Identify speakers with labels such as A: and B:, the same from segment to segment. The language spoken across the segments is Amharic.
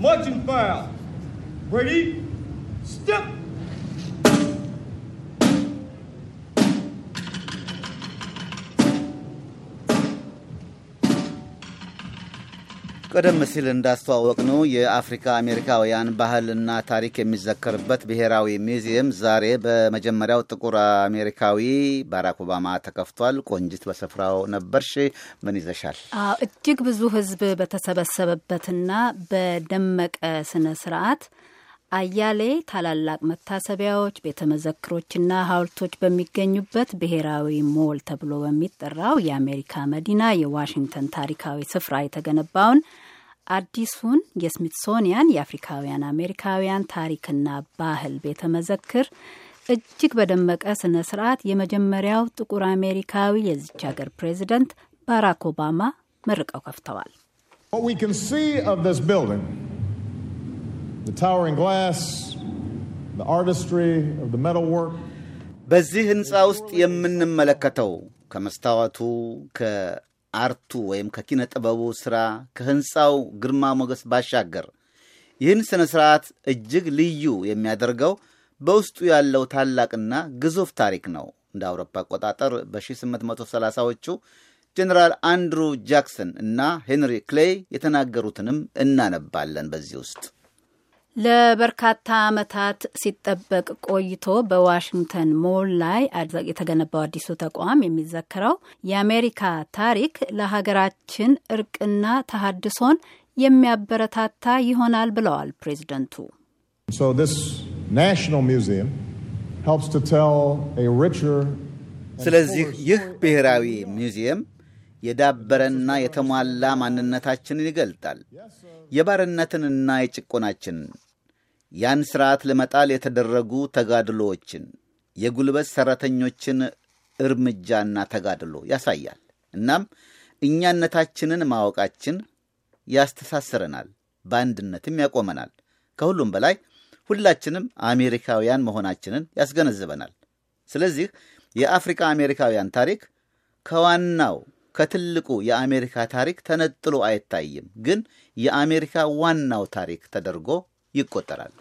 A: Marching file. Ready? Step.
B: ቀደም ሲል እንዳስተዋወቅ ነው የአፍሪካ አሜሪካውያን ባህልና ታሪክ የሚዘከርበት ብሔራዊ ሚዚየም ዛሬ በመጀመሪያው ጥቁር አሜሪካዊ ባራክ ኦባማ ተከፍቷል። ቆንጅት በስፍራው ነበርሽ። ምን ይዘሻል?
C: እጅግ ብዙ ሕዝብ በተሰበሰበበትና በደመቀ ስነ ስርዓት አያሌ ታላላቅ መታሰቢያዎች፣ ቤተ መዘክሮችና ሐውልቶች በሚገኙበት ብሔራዊ ሞል ተብሎ በሚጠራው የአሜሪካ መዲና የዋሽንግተን ታሪካዊ ስፍራ የተገነባውን አዲሱን የስሚትሶኒያን የአፍሪካውያን አሜሪካውያን ታሪክና ባህል ቤተ መዘክር እጅግ በደመቀ ስነ ስርዓት የመጀመሪያው ጥቁር አሜሪካዊ የዚች ሀገር ፕሬዚደንት ባራክ ኦባማ መርቀው ከፍተዋል።
B: the በዚህ ህንፃ ውስጥ የምንመለከተው ከመስታወቱ ከአርቱ ወይም ከኪነ ጥበቡ ሥራ ከህንፃው ግርማ ሞገስ ባሻገር ይህን ሥነ ሥርዓት እጅግ ልዩ የሚያደርገው በውስጡ ያለው ታላቅና ግዙፍ ታሪክ ነው። እንደ አውሮፓ አቆጣጠር በ1830ዎቹ ጀኔራል አንድሩ ጃክሰን እና ሄንሪ ክሌይ የተናገሩትንም እናነባለን በዚህ ውስጥ
C: ለበርካታ ዓመታት ሲጠበቅ ቆይቶ በዋሽንግተን ሞል ላይ የተገነባው አዲሱ ተቋም የሚዘክረው የአሜሪካ ታሪክ ለሀገራችን እርቅና ተሃድሶን የሚያበረታታ ይሆናል ብለዋል ፕሬዚደንቱ።
B: ስለዚህ ይህ ብሔራዊ ሚውዚየም የዳበረና የተሟላ ማንነታችንን ይገልጣል። የባርነትንና የጭቆናችንን ያን ስርዓት ለመጣል የተደረጉ ተጋድሎዎችን የጉልበት ሠራተኞችን እርምጃና ተጋድሎ ያሳያል። እናም እኛነታችንን ማወቃችን ያስተሳስረናል፣ በአንድነትም ያቆመናል። ከሁሉም በላይ ሁላችንም አሜሪካውያን መሆናችንን ያስገነዝበናል። ስለዚህ የአፍሪካ አሜሪካውያን ታሪክ ከዋናው ከትልቁ የአሜሪካ ታሪክ ተነጥሎ አይታይም፣ ግን የአሜሪካ ዋናው ታሪክ ተደርጎ ይቆጠራል።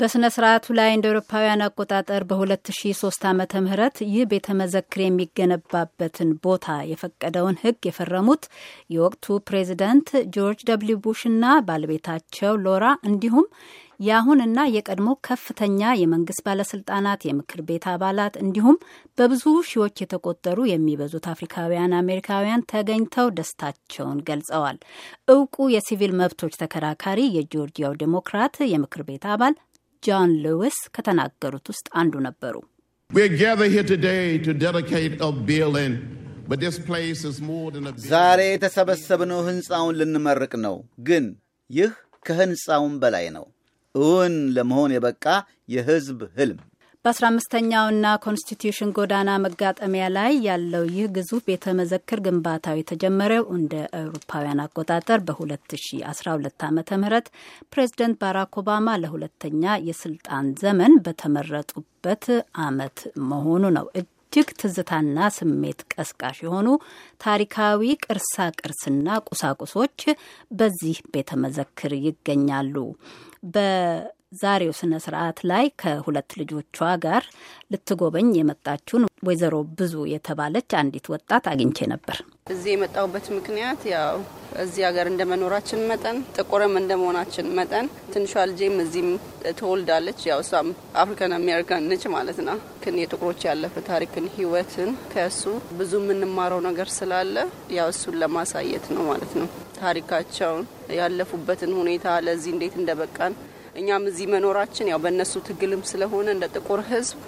C: በሥነ ስርዓቱ ላይ እንደ አውሮፓውያን አቆጣጠር በ2003 ዓ ምህረት ይህ ቤተ መዘክር የሚገነባበትን ቦታ የፈቀደውን ሕግ የፈረሙት የወቅቱ ፕሬዚደንት ጆርጅ ደብልዩ ቡሽ እና ባለቤታቸው ሎራ እንዲሁም የአሁንና የቀድሞ ከፍተኛ የመንግስት ባለስልጣናት፣ የምክር ቤት አባላት እንዲሁም በብዙ ሺዎች የተቆጠሩ የሚበዙት አፍሪካውያን አሜሪካውያን ተገኝተው ደስታቸውን ገልጸዋል። እውቁ የሲቪል መብቶች ተከራካሪ የጆርጂያው ዴሞክራት የምክር ቤት አባል ጃን ሉዊስ ከተናገሩት ውስጥ አንዱ ነበሩ።
B: ዛሬ የተሰበሰብነው ሕንፃውን ልንመርቅ ነው፣ ግን ይህ ከሕንፃውም በላይ ነው። እውን ለመሆን የበቃ የሕዝብ ሕልም
C: በ15ኛውና ኮንስቲትዩሽን ጎዳና መጋጠሚያ ላይ ያለው ይህ ግዙፍ ቤተ መዘክር ግንባታው የተጀመረው እንደ አውሮፓውያን አቆጣጠር በ2012 ዓ ም ፕሬዚደንት ባራክ ኦባማ ለሁለተኛ የስልጣን ዘመን በተመረጡበት አመት መሆኑ ነው። እጅግ ትዝታና ስሜት ቀስቃሽ የሆኑ ታሪካዊ ቅርሳ ቅርስና ቁሳቁሶች በዚህ ቤተ መዘክር ይገኛሉ። ዛሬው ስነ ስርዓት ላይ ከሁለት ልጆቿ ጋር ልትጎበኝ የመጣችውን ወይዘሮ ብዙ የተባለች አንዲት ወጣት አግኝቼ ነበር።
D: እዚህ የመጣሁበት ምክንያት ያው እዚህ ሀገር እንደመኖራችን መጠን ጥቁርም እንደመሆናችን መጠን ትንሿ ልጄም እዚህም ተወልዳለች። ያው እሷም አፍሪካን አሜሪካን ነች ማለት ነው። ግን የጥቁሮች ያለፈ ታሪክን፣ ህይወትን ከእሱ ብዙ የምንማረው ነገር ስላለ ያው እሱን ለማሳየት ነው ማለት ነው። ታሪካቸውን ያለፉበትን ሁኔታ ለዚህ እንዴት እንደበቃን እኛም እዚህ መኖራችን ያው በእነሱ ትግልም ስለሆነ እንደ ጥቁር ህዝብ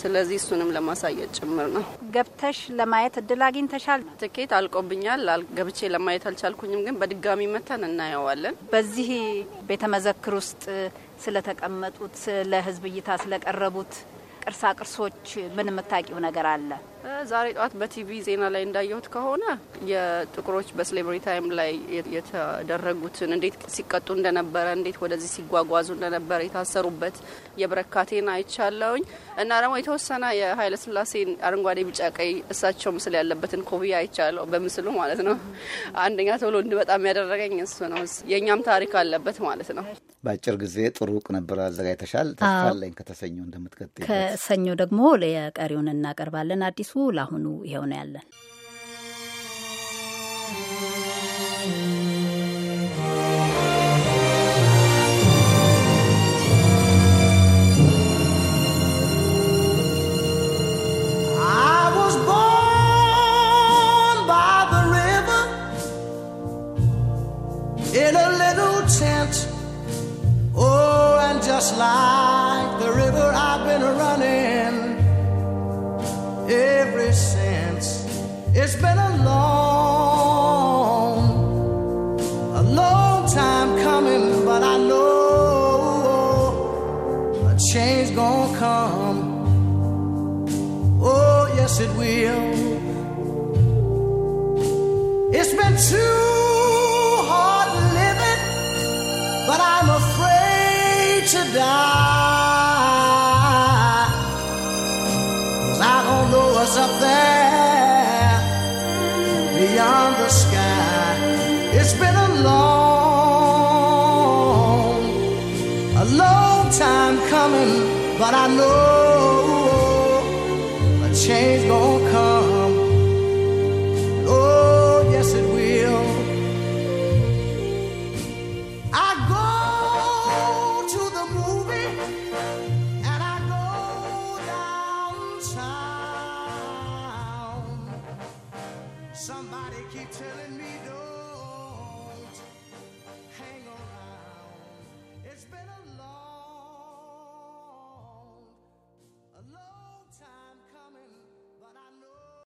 D: ስለዚህ እሱንም ለማሳየት ጭምር ነው።
C: ገብተሽ ለማየት እድል አግኝተሻል? ትኬት
D: አልቆብኛል። ገብቼ ለማየት አልቻልኩኝም፣ ግን በድጋሚ መተን እናየዋለን። በዚህ
C: ቤተ መዘክር ውስጥ ስለተቀመጡት ለህዝብ እይታ ስለቀረቡት ቅርሳ ቅርሶች ምን የምታውቂው ነገር አለ?
D: ዛሬ ጠዋት በቲቪ ዜና ላይ እንዳየሁት ከሆነ የጥቁሮች በስሌቨሪ ታይም ላይ የተደረጉትን እንዴት ሲቀጡ እንደነበረ፣ እንዴት ወደዚህ ሲጓጓዙ እንደነበረ የታሰሩበት የብረካቴን አይቻለውኝ እና ደግሞ የተወሰነ የኃይለ ስላሴን አረንጓዴ፣ ቢጫ፣ ቀይ እሳቸው ምስል ያለበትን ኮብያ አይቻለው በምስሉ ማለት ነው። አንደኛ ቶሎ እንድ ያደረገኝ እሱ ነው። የእኛም ታሪክ አለበት
C: ማለት ነው።
B: በአጭር ጊዜ ጥሩ ቅንብር አዘጋጅተሻል። ተስፋለኝ ከተሰኞ እንደምትቀጥ
C: ከሰኞ ደግሞ ቀሪውን እናቀርባለን አዲስ ለአዲሱ ለአሁኑ ይኸው ነው ያለን።
A: It's been a long, a long time coming, but I know a change gonna come. Oh, yes, it will. It's been too hard living, but I'm afraid to die. It's been a long, a long time coming, but I know a change gonna come. Oh, yes, it will. I go to the movie and I go downtown. Somebody keep telling me no. better